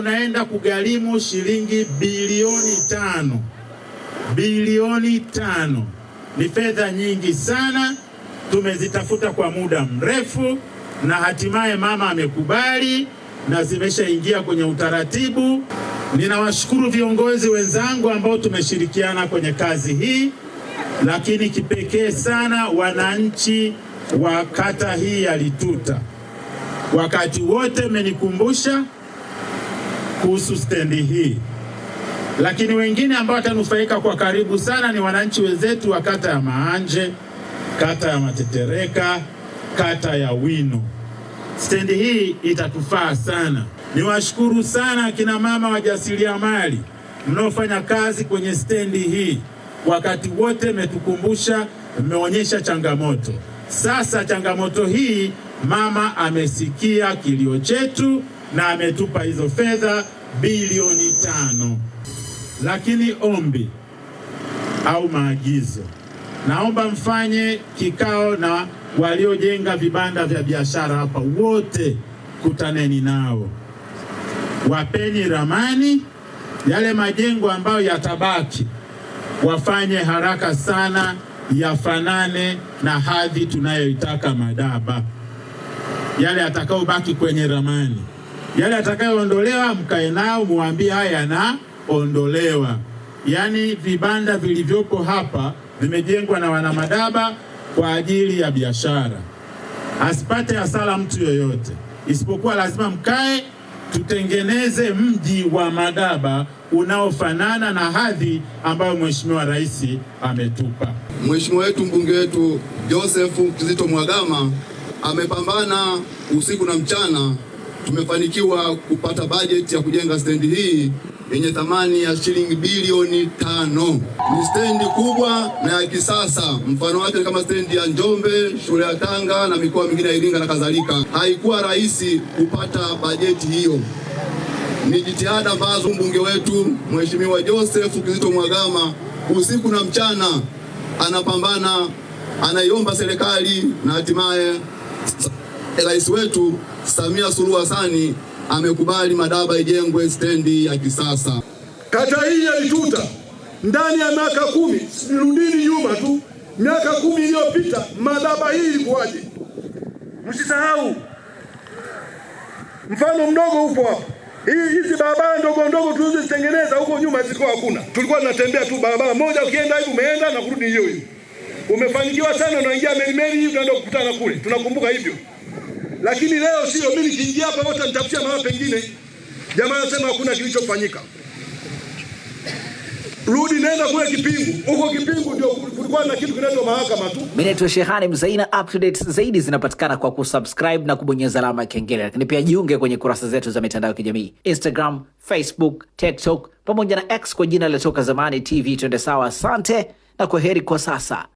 unaenda kugharimu shilingi bilioni tano. Bilioni tano ni fedha nyingi sana, tumezitafuta kwa muda mrefu na hatimaye mama amekubali na zimeshaingia kwenye utaratibu. Ninawashukuru viongozi wenzangu ambao tumeshirikiana kwenye kazi hii, lakini kipekee sana wananchi wa kata hii ya Lituta, wakati wote mmenikumbusha kuhusu stendi hii, lakini wengine ambao watanufaika kwa karibu sana ni wananchi wenzetu wa kata ya Maanje, kata ya Matetereka, kata ya Wino. Stendi hii itatufaa sana. Niwashukuru sana akina mama wajasiriamali mnaofanya kazi kwenye stendi hii, wakati wote mmetukumbusha, mmeonyesha changamoto. Sasa changamoto hii mama amesikia kilio chetu na ametupa hizo fedha bilioni tano. Lakini ombi au maagizo, naomba mfanye kikao na waliojenga vibanda vya biashara hapa, wote kutaneni nao, wapeni ramani yale majengo ambayo yatabaki wafanye haraka sana yafanane na hadhi tunayoitaka Madaba. Yale yatakayobaki kwenye ramani yale yatakayoondolewa mkae nao muambie haya yanaondolewa. Yaani vibanda vilivyoko hapa vimejengwa na wanamadaba kwa ajili ya biashara, asipate hasara mtu yoyote, isipokuwa lazima mkae tutengeneze mji wa Madaba unaofanana na hadhi ambayo Mheshimiwa Rais ametupa. Mheshimiwa wetu mbunge wetu Joseph Kizito Mwagama amepambana usiku na mchana tumefanikiwa kupata bajeti ya kujenga stendi hii yenye thamani ya shilingi bilioni tano. Ni stendi kubwa na ya kisasa, mfano wake ni kama stendi ya Njombe, shule ya Tanga na mikoa mingine ya Iringa na kadhalika. Haikuwa rahisi kupata bajeti hiyo, ni jitihada ambazo mbunge wetu Mheshimiwa Joseph Kizito Mwagama usiku na mchana anapambana, anaiomba serikali na hatimaye Rais wetu Samia Suluhu Hassan amekubali Madaba ijengwe stendi ya kisasa. Kata hii ya Ituta ndani ya miaka kumi, sirudini nyuma tu miaka kumi iliyopita, Madaba hii ilikuwaje? Msisahau, mfano mdogo upo hapo. Hii hizi barabara ndogo ndogo tulizozitengeneza huko nyuma zilikuwa hakuna, tulikuwa tunatembea tu barabara moja, ukienda hivi umeenda na kurudi hiyo hiyo. Umefanikiwa sana, unaingia melimeli, unaenda kukutana kule, tunakumbuka hivyo lakini leo sio. Mimi nikiingia hapa wote nitafutia mahali pengine. Jamaa anasema hakuna kilichofanyika. Rudi nenda kule Kipingu, huko Kipingu ndio kulikuwa na kitu kinaitwa mahakama tu. Mimi naitwa Shehani Mzaina. Up to date zaidi zinapatikana kwa kusubscribe na kubonyeza alama ya kengele, lakini pia jiunge kwenye kurasa zetu za mitandao ya kijamii Instagram, Facebook, TikTok pamoja na X kwa jina la Toka Zamani TV. Twende sawa, asante na kwaheri kwa sasa.